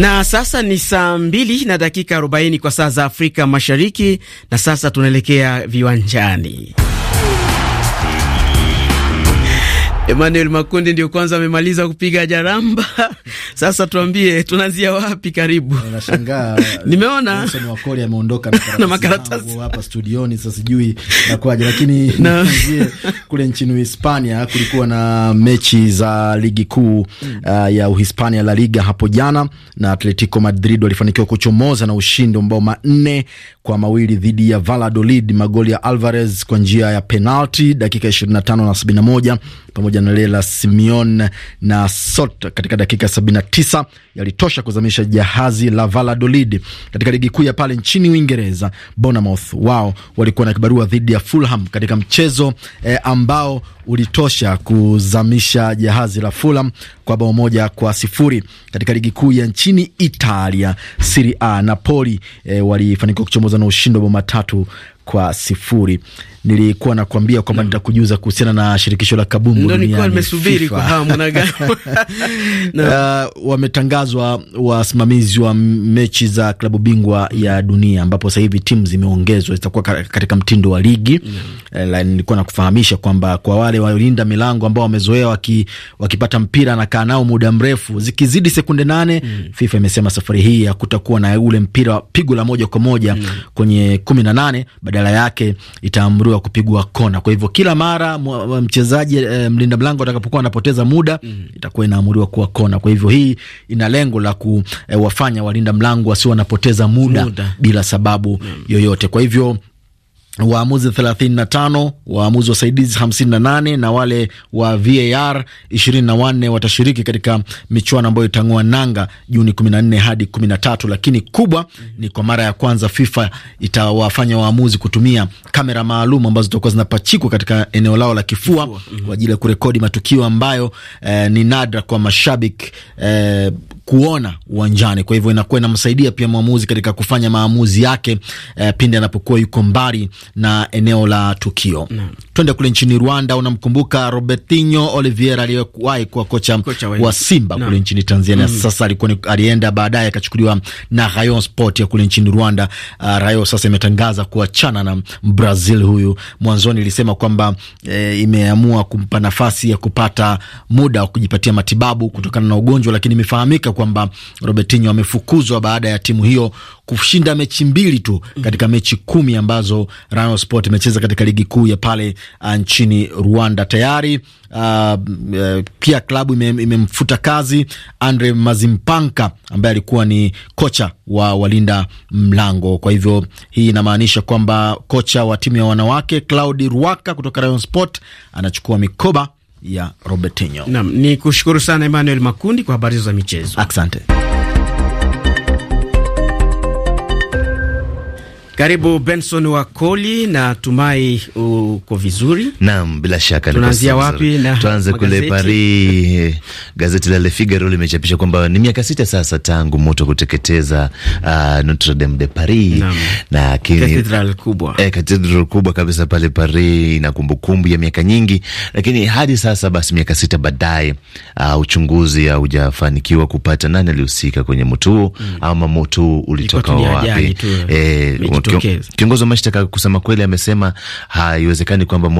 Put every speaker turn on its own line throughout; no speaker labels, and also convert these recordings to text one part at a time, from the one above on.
Na sasa ni saa mbili na dakika arobaini kwa saa za Afrika Mashariki, na sasa tunaelekea viwanjani. Emmanuel Makundi ndio kwanza amemaliza kupiga jaramba. Sasa tuambie tunaanzia wapi? Karibu.
Nashangaa. Nimeona Nelson Wakoli ameondoka na makaratasi hapa studioni, sasa sijui nakwaje, lakini tuanzie kule nchini Hispania. Kulikuwa na mechi za ligi kuu hmm. uh, ya Uhispania La Liga hapo jana, na Atletico Madrid walifanikiwa kuchomoza na ushindi wa mabao manne kwa mawili dhidi ya Valladolid, magoli ya Alvarez kwa njia ya penalti dakika 25 na 71 pamoja na Lela Simeon na Sot katika dakika 79 yalitosha kuzamisha jahazi la Valladolid katika ligi kuu ya pale nchini Uingereza. Bournemouth wao walikuwa na kibarua dhidi ya Fulham katika mchezo e, ambao ulitosha kuzamisha jahazi la Fulham kwa bao moja kwa sifuri katika ligi kuu ya nchini Italia Serie A. Napoli e, walifanikiwa kuchomoza na ushindi wa bao matatu kwa sifuri nilikuwa nakwambia kwamba mm. nitakujuza kuhusiana na shirikisho la kabumbu nimesubiri kwa hamu na gani Uh, wametangazwa wasimamizi wa mechi za klabu bingwa ya dunia ambapo sasa hivi timu zimeongezwa zitakuwa katika mtindo wa ligi mm. Uh, nilikuwa nakufahamisha kwamba kwa wale walinda milango ambao wamezoea waki, wakipata mpira na kaa nao muda mrefu zikizidi sekunde nane mm. FIFA imesema safari hii hakutakuwa na ule mpira pigo la moja kwa moja mm. kwenye kumi na nane badala yake itaamru msururu wa kupigwa kona. Kwa hivyo kila mara mchezaji e, mlinda mlango atakapokuwa anapoteza muda mm, itakuwa inaamuriwa kuwa kona. Kwa hivyo hii ina lengo la kuwafanya eh, e, walinda mlango wasio wanapoteza muda, muda bila sababu mm, yoyote. Kwa hivyo waamuzi 35 waamuzi wasaidizi 58 na wale wa VAR 24 watashiriki katika michuano ambayo itang'oa nanga Juni 14 hadi 13. Lakini kubwa ni kwa mara ya kwanza FIFA itawafanya waamuzi kutumia kamera maalum ambazo zitakuwa zinapachikwa katika eneo lao la kifua mhm. kwa ajili ya kurekodi matukio ambayo eh, ni nadra kwa mashabiki eh, kuona uwanjani. Kwa hivyo inakuwa inamsaidia pia mwamuzi katika kufanya maamuzi yake e, pindi anapokuwa yuko mbali na eneo la tukio mm. Twende kule nchini Rwanda. Unamkumbuka Robertinho Olivier aliyewahi kuwa kocha, kocha wa Simba no. kule nchini Tanzania mm. Sasa alikuwa alienda baadaye akachukuliwa na Rayon Sport ya kule nchini Rwanda. Uh, ah, Rayo sasa imetangaza kuachana na Brazil huyu. Mwanzoni ilisema kwamba e, imeamua kumpa nafasi ya kupata muda wa kujipatia matibabu kutokana na ugonjwa, lakini imefahamika kwamba Robertinho amefukuzwa baada ya timu hiyo kushinda mechi mbili tu katika mechi kumi ambazo Rayon Sport imecheza katika ligi kuu ya pale uh, nchini Rwanda. Tayari uh, pia uh, klabu imemfuta ime kazi Andre Mazimpanka ambaye alikuwa ni kocha wa walinda mlango. Kwa hivyo hii inamaanisha kwamba kocha wa timu ya wanawake Claudi Ruaka kutoka Rayon Sport anachukua mikoba ya Robertinho. Naam, ni kushukuru sana Emmanuel Makundi kwa habari za michezo. Asante.
Karibu Benson Wakoli, tumai uko vizuri.
Naam, bila shaka. Tunaanzia wapi? Na tuanze kule Paris. Gazeti la Le Figaro limechapisha kwamba ni miaka sita sasa tangu moto kuteketeza uh, Notre Dame de Paris na cathedral kubwa, eh, cathedral kubwa kabisa pale Paris, na kumbukumbu ya miaka nyingi, lakini hadi sasa basi miaka sita baadaye, uh, uchunguzi haujafanikiwa kupata nani alihusika kwenye moto huo, mm, ama moto ulitoka wapi? kiongozi wa mashtaka kusema kweli amesema haiwezekani kwamba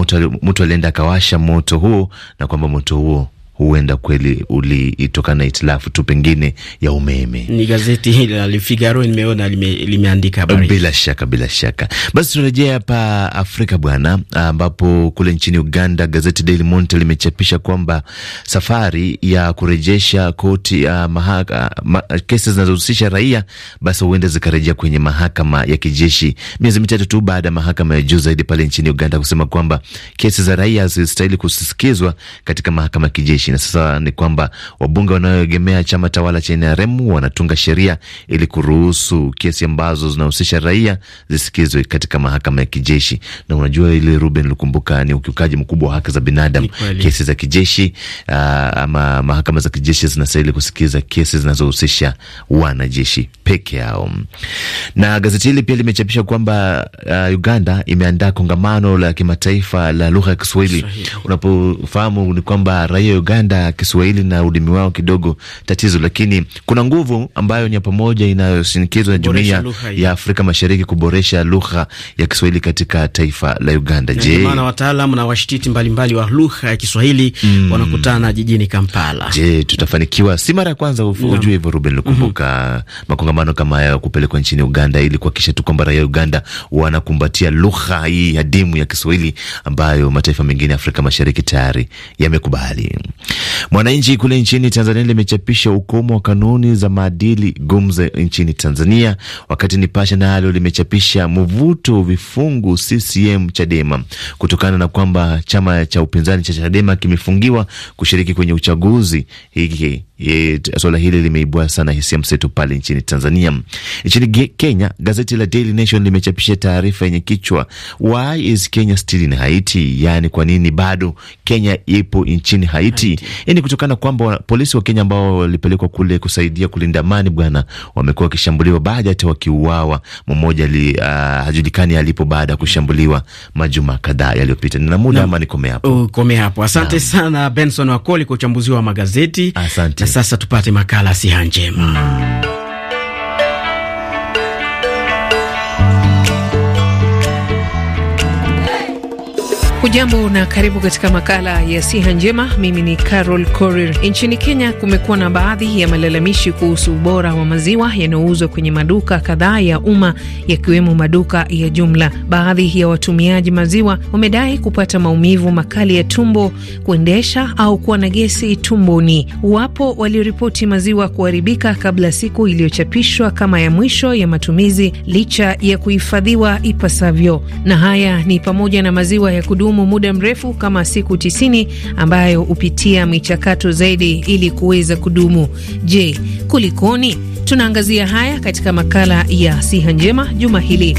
mtu alienda akawasha moto huo na kwamba moto huo huenda kweli ulitokana na itilafu tu pengine ya umeme. Ni gazeti hili la Figaro nimeona lime, limeandika habari. Bila shaka, bila shaka. Basi turejea hapa Afrika bwana, ambapo kule nchini Uganda gazeti Daily Monitor limechapisha kwamba safari ya kurejesha koti uh, ah, mahaka, ma, kesi zinazohusisha raia basi huenda zikarejea kwenye mahakama ya kijeshi miezi mitatu tu baada ya mahakama ya juu zaidi pale nchini Uganda kusema kwamba kesi za raia zilistahili kusikizwa katika mahakama ya kijeshi nchi. Na sasa ni kwamba wabunge wanaoegemea chama tawala cha NRM wanatunga sheria ili kuruhusu kesi ambazo zinahusisha raia zisikizwe katika mahakama ya kijeshi. Na unajua ile Ruben Lukumbuka, ni ukiukaji mkubwa wa haki za binadamu. Kesi za kijeshi uh, ama mahakama za kijeshi zinastahili kusikiza kesi zinazohusisha wanajeshi peke yao. Na gazeti hili pia limechapisha kwamba uh, Uganda imeandaa kongamano la kimataifa la lugha ya Kiswahili. Unapofahamu ni kwamba raia Uganda Uganda Kiswahili na udimi wao kidogo tatizo, lakini kuna nguvu ambayo ni ya pamoja inayoshinikizwa na jumuiya ya Afrika Mashariki kuboresha lugha ya Kiswahili katika taifa la Uganda. Je, maana
wataalamu na washtiti mbalimbali wa lugha ya Kiswahili mm, wanakutana jijini Kampala.
Je, tutafanikiwa? Si mara ya kwanza Ujue hivyo Ruben lukumbuka mm -hmm. makongamano kama haya kupelekwa nchini Uganda ili kuhakikisha tu kwamba raia Uganda wanakumbatia lugha hii adimu ya Kiswahili ambayo mataifa mengine Afrika Mashariki tayari yamekubali. Mwananchi kule nchini Tanzania limechapisha ukomo wa kanuni za maadili gumze nchini Tanzania, wakati Nipashe nalo limechapisha mvuto vifungu CCM Chadema kutokana na kwamba chama cha upinzani cha Chadema kimefungiwa kushiriki kwenye uchaguzi hiki. Swala hili limeibua sana hisia mseto pale nchini Tanzania. Nchini Kenya, gazeti la Daily Nation limechapisha taarifa yenye kichwa Why is Kenya still in Haiti, yaani kwa nini bado Kenya ipo nchini Haiti. Hii ni kutokana kwamba polisi wa Kenya ambao walipelekwa kule kusaidia kulinda amani bwana, wamekuwa wakishambuliwa baada hata wakiuawa. Mmoja uh, hajulikani alipo baada ya kushambuliwa majuma kadhaa yaliyopita. Nina muda ama nikome hapo?
Uh, kome hapo. Asante na sana Benson Wakoli kwa uchambuzi wa magazeti. Asante. Na sasa tupate makala siha njema.
Hujambo na karibu katika makala ya siha njema. Mimi ni Carol Korir. Nchini Kenya kumekuwa na baadhi ya malalamishi kuhusu ubora wa maziwa yanayouzwa kwenye maduka kadhaa ya umma yakiwemo maduka ya jumla. Baadhi ya watumiaji maziwa wamedai kupata maumivu makali ya tumbo, kuendesha au kuwa na gesi tumboni. Wapo walioripoti maziwa kuharibika kabla siku iliyochapishwa kama ya mwisho ya matumizi licha ya kuhifadhiwa ipasavyo, na haya ni pamoja na maziwa ya kudumu inadumu muda mrefu kama siku tisini ambayo hupitia michakato zaidi ili kuweza kudumu. Je, kulikoni? Tunaangazia haya katika makala ya Siha Njema juma hili.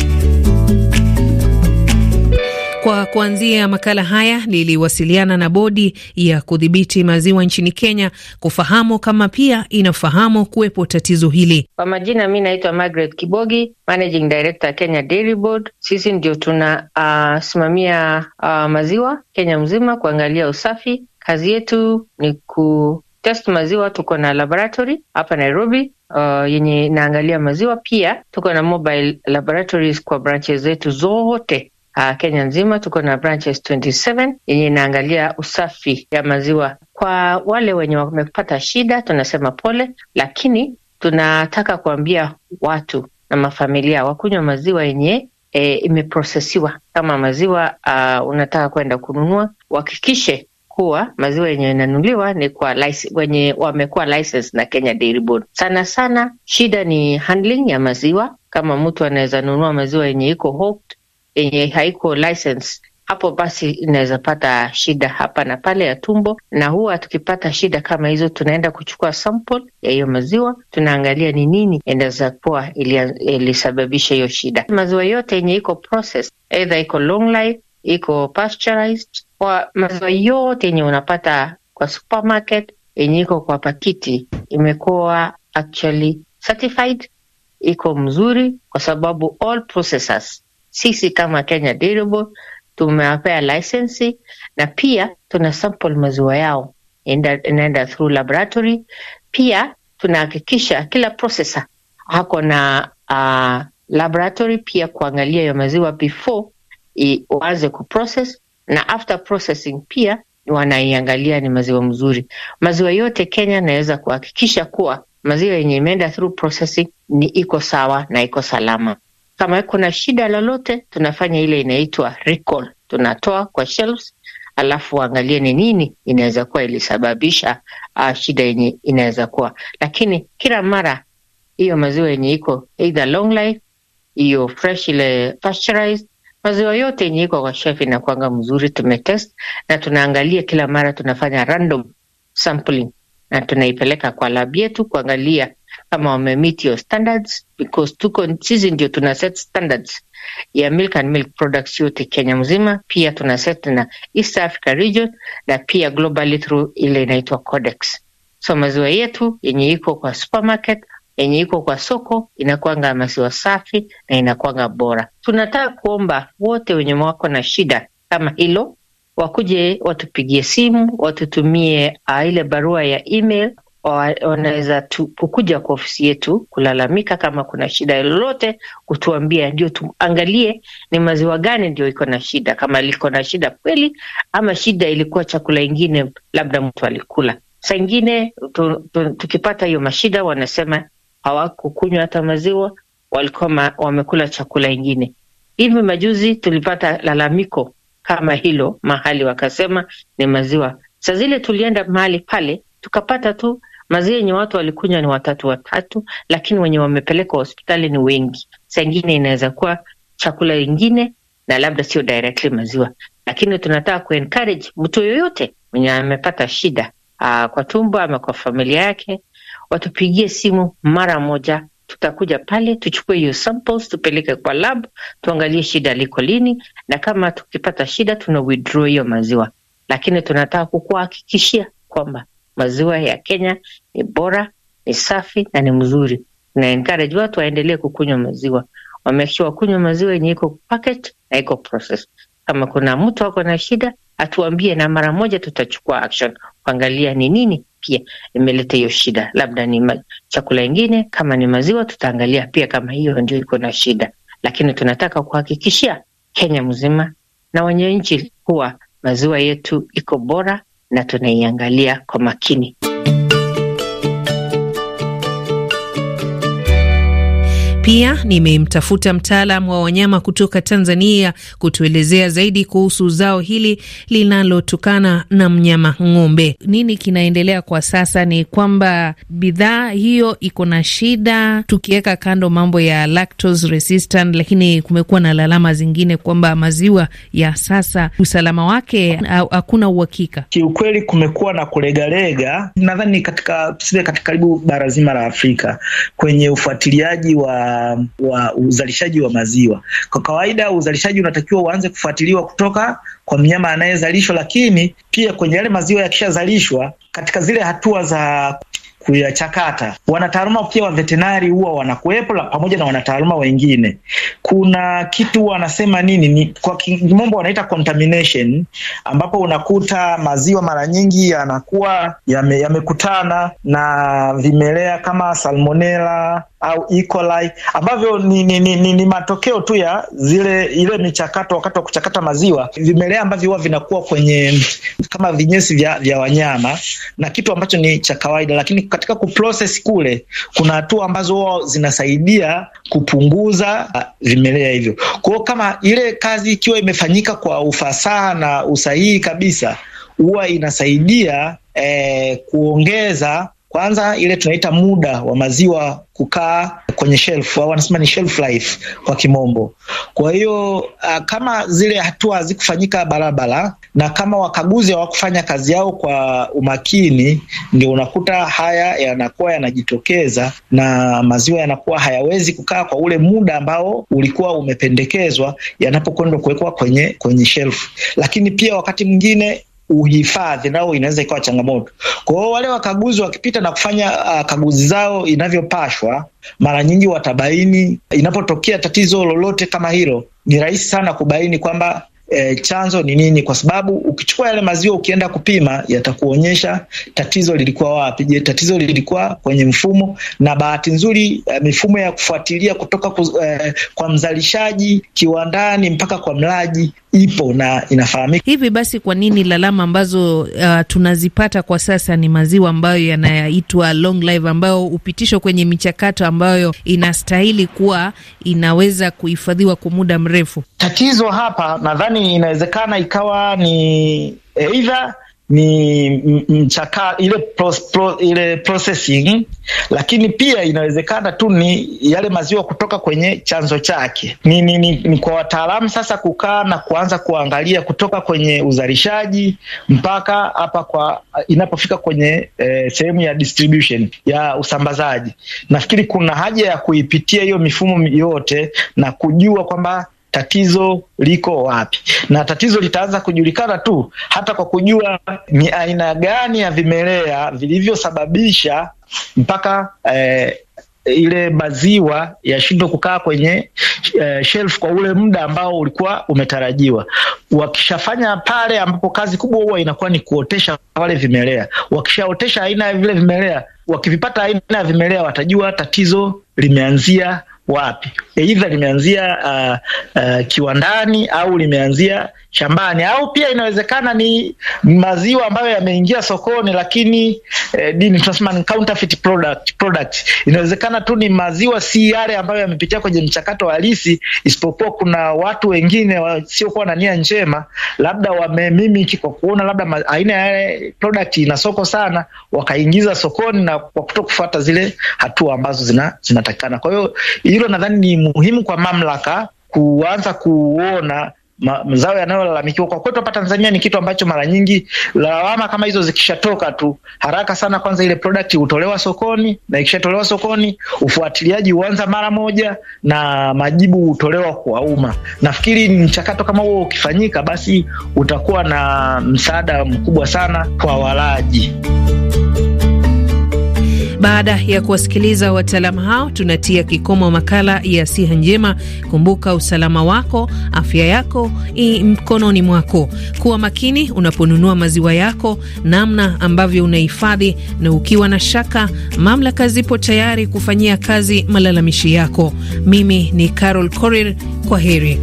Kwa kuanzia makala haya niliwasiliana na bodi ya kudhibiti maziwa nchini Kenya kufahamu kama pia inafahamu kuwepo tatizo hili.
Kwa majina, mi naitwa Margaret Kibogi, managing director Kenya Dairy Board. Sisi ndio tunasimamia ah, uh, ah, uh, maziwa Kenya mzima, kuangalia usafi. Kazi yetu ni ku test maziwa. Tuko na laboratory hapa Nairobi uh, yenye inaangalia maziwa. Pia tuko na mobile laboratories kwa branches zetu zote uh, Kenya nzima tuko na branches 27 yenye inaangalia usafi ya maziwa. Kwa wale wenye wamepata shida, tunasema pole, lakini tunataka kuambia watu na mafamilia wakunywa maziwa yenye e, eh, imeprosesiwa. Kama maziwa uh, unataka kwenda kununua, uhakikishe kuwa maziwa yenye inanuliwa ni kwa wenye wamekuwa license na Kenya Dairy Board. Sana sana shida ni handling ya maziwa. Kama mtu anaweza nunua maziwa yenye iko yenye haiko license, hapo basi inaweza pata shida hapa na pale ya tumbo, na huwa tukipata shida kama hizo, tunaenda kuchukua sample ya hiyo maziwa, tunaangalia ni nini inaweza kuwa ilisababisha hiyo shida. Maziwa yote yenye iko process, either iko long life, iko pasteurized, kwa maziwa yote yenye unapata kwa supermarket yenye iko kwa pakiti imekuwa actually certified, iko mzuri kwa sababu all processors sisi kama Kenya Dairy tumewapea lisensi na pia tuna sample maziwa yao inaenda through laboratory. Pia tunahakikisha kila processor hako na uh, laboratory pia kuangalia ya maziwa before waanze kuprocess na after processing pia wanaiangalia ni maziwa mzuri. Maziwa yote Kenya naweza kuhakikisha kuwa maziwa yenye imeenda through processing ni iko sawa na iko salama. Kama kuna shida lolote, tunafanya ile inaitwa recall, tunatoa kwa shelves, alafu waangalie ni nini inaweza kuwa ilisababisha uh, shida yenye inaweza kuwa, lakini kila mara hiyo maziwa yenye iko either long life hiyo fresh ile pasteurized maziwa yote yenye iko kwa chef inakwanga mzuri. Tumetest na tunaangalia kila mara, tunafanya random sampling na tunaipeleka kwa lab yetu kuangalia kama wame meet your standards because tuko sisi ndio tuna set standards ya milk and milk products yote Kenya mzima, pia tuna set na East Africa region na pia globally through ile inaitwa Codex. So maziwa yetu yenye iko kwa supermarket yenye iko kwa soko inakuanga maziwa safi na inakuanga bora. Tunataka kuomba wote wenye wako na shida kama hilo wakuje watupigie simu, watutumie ah, ile barua ya email wanaweza kukuja kwa ofisi yetu kulalamika kama kuna shida lolote, kutuambia ndio tuangalie ni maziwa gani ndio iko na shida, kama liko na shida kweli, ama shida ilikuwa chakula ingine, labda mtu alikula. Saa ingine tukipata hiyo mashida, wanasema hawakukunywa hata maziwa, walikuwa wamekula chakula ingine. Hivi majuzi tulipata lalamiko kama hilo mahali, wakasema ni maziwa. Saa zile tulienda mahali pale tukapata tu Maziwa yenye watu walikunywa ni watatu watatu, lakini wenye wamepelekwa hospitali ni wengi. Saa ingine inaweza kuwa chakula ingine na labda sio directly maziwa, lakini tunataka encourage mtu yoyote mwenye amepata shida aa, ah, kwa tumbo ama kwa familia yake watupigie simu mara moja. Tutakuja pale tuchukue hiyo samples tupeleke kwa lab, tuangalie shida liko lini, na kama tukipata shida tuna withdraw hiyo maziwa, lakini tunataka kukuhakikishia kwamba maziwa ya Kenya ni bora, ni safi na ni mzuri. Na encourage watu waendelee kukunywa maziwa, wamekisha wakunywa maziwa yenye iko packet na iko process. Kama kuna mtu ako na shida atuambie, na mara moja tutachukua action kuangalia ni nini pia imeleta hiyo shida, labda ni chakula ingine, kama ni maziwa tutaangalia pia kama hiyo ndio iko na shida, lakini tunataka kuhakikishia Kenya mzima na wenye nchi kuwa maziwa yetu iko bora na tunaiangalia kwa makini.
Pia nimemtafuta mtaalam wa wanyama kutoka Tanzania kutuelezea zaidi kuhusu zao hili linalotokana na mnyama ng'ombe. Nini kinaendelea kwa sasa? Ni kwamba bidhaa hiyo iko na shida, tukiweka kando mambo ya lactose resistant, lakini kumekuwa na lalama zingine kwamba maziwa ya sasa usalama wake hakuna uhakika. Kiukweli kumekuwa
na kulegalega, nadhani katika katika karibu bara zima la Afrika kwenye ufuatiliaji wa Um, wa, uzalishaji wa maziwa. Kwa kawaida uzalishaji unatakiwa uanze kufuatiliwa kutoka kwa mnyama anayezalishwa, lakini pia kwenye yale maziwa yakishazalishwa, katika zile hatua za kuyachakata wanataaluma pia wa vetenari huwa wanakuwepo pamoja na wanataaluma wengine. Kuna kitu wanasema nini, ni kwa kimombo wanaita contamination, ambapo unakuta maziwa mara nyingi yanakuwa yamekutana yame na vimelea kama salmonella au E. coli ambavyo ni, ni, ni, ni, ni matokeo tu ya zile ile michakato wakati wa kuchakata maziwa, vimelea vimelea ambavyo huwa vinakuwa kwenye kama vinyesi vya, vya wanyama na kitu ambacho ni cha kawaida, lakini katika kuprocess kule kuna hatua ambazo huwa zinasaidia kupunguza ah, vimelea hivyo. Kwa hiyo kama ile kazi ikiwa imefanyika kwa ufasaha na usahihi kabisa, huwa inasaidia eh, kuongeza kwanza ile tunaita muda wa maziwa kukaa kwenye shelf au wanasema ni shelf life kwa kimombo. Kwa hiyo ah, kama zile hatua hazikufanyika barabara na kama wakaguzi hawakufanya kazi yao kwa umakini, ndio unakuta haya yanakuwa yanajitokeza na maziwa yanakuwa hayawezi kukaa kwa ule muda ambao ulikuwa umependekezwa yanapokwenda kuwekwa kwenye kwenye shelf. Lakini pia wakati mwingine uhifadhi nao inaweza ikawa changamoto. Kwa hiyo wale wakaguzi wakipita na kufanya uh, kaguzi zao inavyopashwa, mara nyingi watabaini. Inapotokea tatizo lolote kama hilo, ni rahisi sana kubaini kwamba E, chanzo ni nini? Kwa sababu ukichukua yale maziwa ukienda kupima yatakuonyesha tatizo lilikuwa wapi. Je, tatizo lilikuwa kwenye mfumo? Na bahati nzuri e, mifumo ya kufuatilia kutoka kuz, e, eh, kwa mzalishaji kiwandani mpaka kwa mlaji ipo na inafahamika.
Hivi basi, kwa nini lalama ambazo uh, tunazipata kwa sasa ni maziwa ambayo yanaitwa long life, ambayo hupitishwa kwenye michakato ambayo inastahili kuwa inaweza kuhifadhiwa kwa muda mrefu? Tatizo hapa
nadhani inawezekana ikawa ni eh, eidha ni mchaka, ile, pro, pro, ile processing, lakini pia inawezekana tu ni yale maziwa kutoka kwenye chanzo chake. Ni, ni, ni, ni kwa wataalamu sasa kukaa na kuanza kuangalia kutoka kwenye uzalishaji mpaka hapa kwa inapofika kwenye eh, sehemu ya distribution ya usambazaji. Nafikiri kuna haja ya kuipitia hiyo mifumo yote na kujua kwamba tatizo liko wapi, na tatizo litaanza kujulikana tu hata kwa kujua ni aina gani ya vimelea vilivyosababisha mpaka eh, ile maziwa yashindwe kukaa kwenye eh, shelf kwa ule muda ambao ulikuwa umetarajiwa. Wakishafanya pale, ambapo kazi kubwa huwa inakuwa ni kuotesha wale vimelea. Wakishaotesha aina ya vile vimelea, wakivipata aina ya vimelea, watajua tatizo limeanzia wapi, aidha limeanzia uh, uh, kiwandani au limeanzia shambani, au pia inawezekana ni maziwa ambayo yameingia sokoni, lakini eh, dini tunasema ni counterfeit product, product. Inawezekana tu ni maziwa si yale ambayo yamepitia kwenye mchakato halisi, isipokuwa kuna watu wengine wasiokuwa na nia njema, labda wamemimiki kwa kuona labda aina ya product ina soko sana, wakaingiza sokoni na kwa kutokufuata zile hatua ambazo zina, zinatakikana. Kwa hiyo hilo nadhani ni muhimu kwa mamlaka kuanza kuona mazao yanayolalamikiwa kwa kwetu hapa Tanzania ni kitu ambacho mara nyingi lawama kama hizo zikishatoka tu haraka sana, kwanza ile product hutolewa sokoni, na ikishatolewa sokoni ufuatiliaji huanza mara moja na majibu hutolewa kwa umma. Nafikiri mchakato kama huo ukifanyika, basi utakuwa na msaada mkubwa sana kwa walaji.
Baada ya kuwasikiliza wataalamu hao, tunatia kikomo makala ya siha njema. Kumbuka, usalama wako, afya yako i mkononi mwako. Kuwa makini unaponunua maziwa yako, namna ambavyo unahifadhi, na ukiwa na shaka, mamlaka zipo tayari kufanyia kazi malalamishi yako. Mimi ni Carol Korir, kwa heri.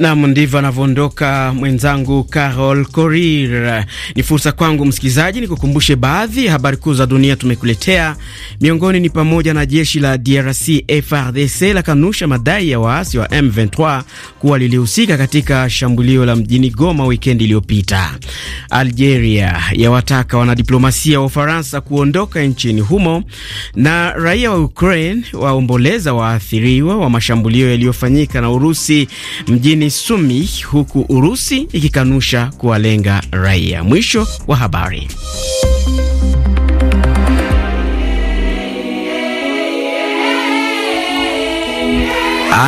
Nam, ndivyo anavyoondoka mwenzangu Carol Korir. Ni fursa kwangu msikilizaji, ni kukumbushe baadhi ya habari kuu za dunia tumekuletea. Miongoni ni pamoja na jeshi la DRC FRDC la kanusha madai ya waasi wa M23 kuwa lilihusika katika shambulio la mjini Goma wikendi iliyopita. Algeria yawataka wanadiplomasia wa Ufaransa kuondoka nchini humo, na raia wa Ukraine waomboleza waathiriwa wa mashambulio yaliyofanyika na Urusi mjini Sumi, huku Urusi ikikanusha Kualenga raia. Mwisho Wahabari. habari.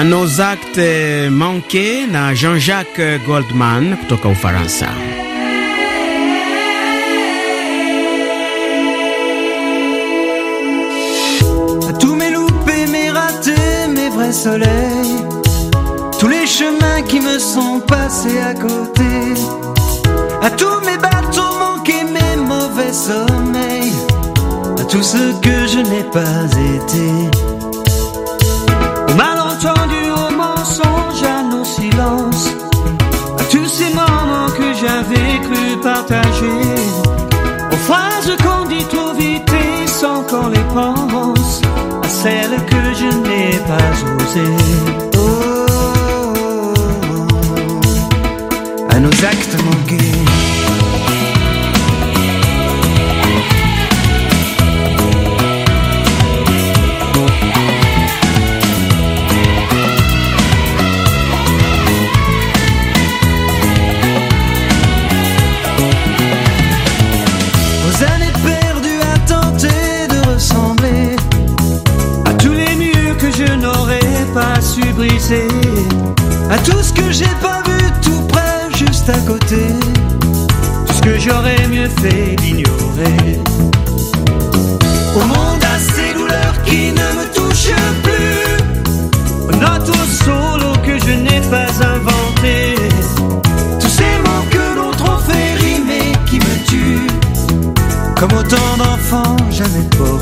Nos actes manqués na Jean-Jacques Goldman kutoka Ufaransa.
Tous mes loupés, mes ratés, mes vrais soleils chemins qui me sont passés à côté, à tous mes bateaux manqués, mes mauvais sommeils, à tout ce que je n'ai pas été. aux malentendus, aux mensonges, à nos silences, à tous ces moments que j'avais cru partager, aux phrases qu'on dit trop vite et sans qu'on les pense, à celles que je n'ai pas osées. Aux années perdues à tenter de ressembler à tous les murs que je n'aurais pas su briser à tout ce que j'ai pas à côté. Tout ce que j'aurais mieux fait d'ignorer. Au monde à ces douleurs qui ne me touchent plus. Aux notes au solo que je n'ai pas inventé. Tous ces mots que l'on trop fait rimer qui me tuent. Comme autant d'enfants jamais pauvres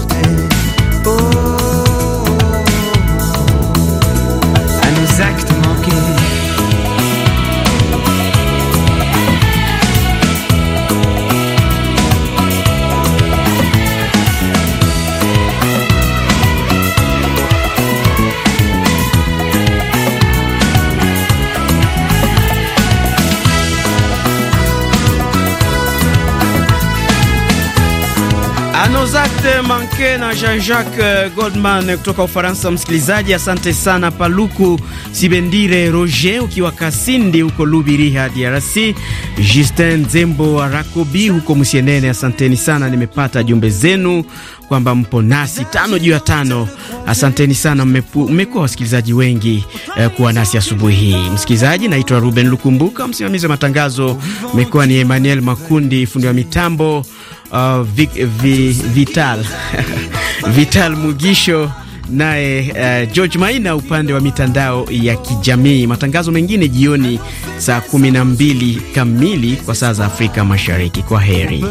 kwake na Jean-Jacques euh, Goldman euh, kutoka Ufaransa. Msikilizaji, asante sana. Paluku Sibendire Roger ukiwa Kasindi huko Lubiriha, DRC. Justin Zembo Arakobi huko Musienene, asanteni sana. Nimepata jumbe zenu kwamba mpo nasi tano juu ya tano. Asanteni sana, mmekuwa wasikilizaji wengi eh, kuwa nasi asubuhi hii. Msikilizaji, naitwa Ruben Lukumbuka, msimamizi wa matangazo mmekuwa ni Emmanuel Makundi, fundi wa mitambo uh, Vic, vi, Vital Vital Mugisho naye uh, George Maina upande wa mitandao ya kijamii. Matangazo mengine jioni saa 12 kamili kwa
saa za Afrika Mashariki. Kwa heri.